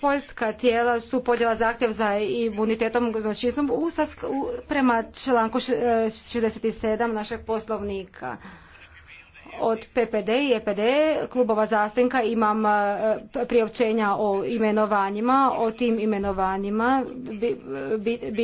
Poljska tijela su podjela zahtjev za imunitetom zločinstvom prema članku 67 e, našeg poslovnika. Od PPD i EPD klubova zastanka imam e, priopćenja o imenovanjima. O tim imenovanjima bi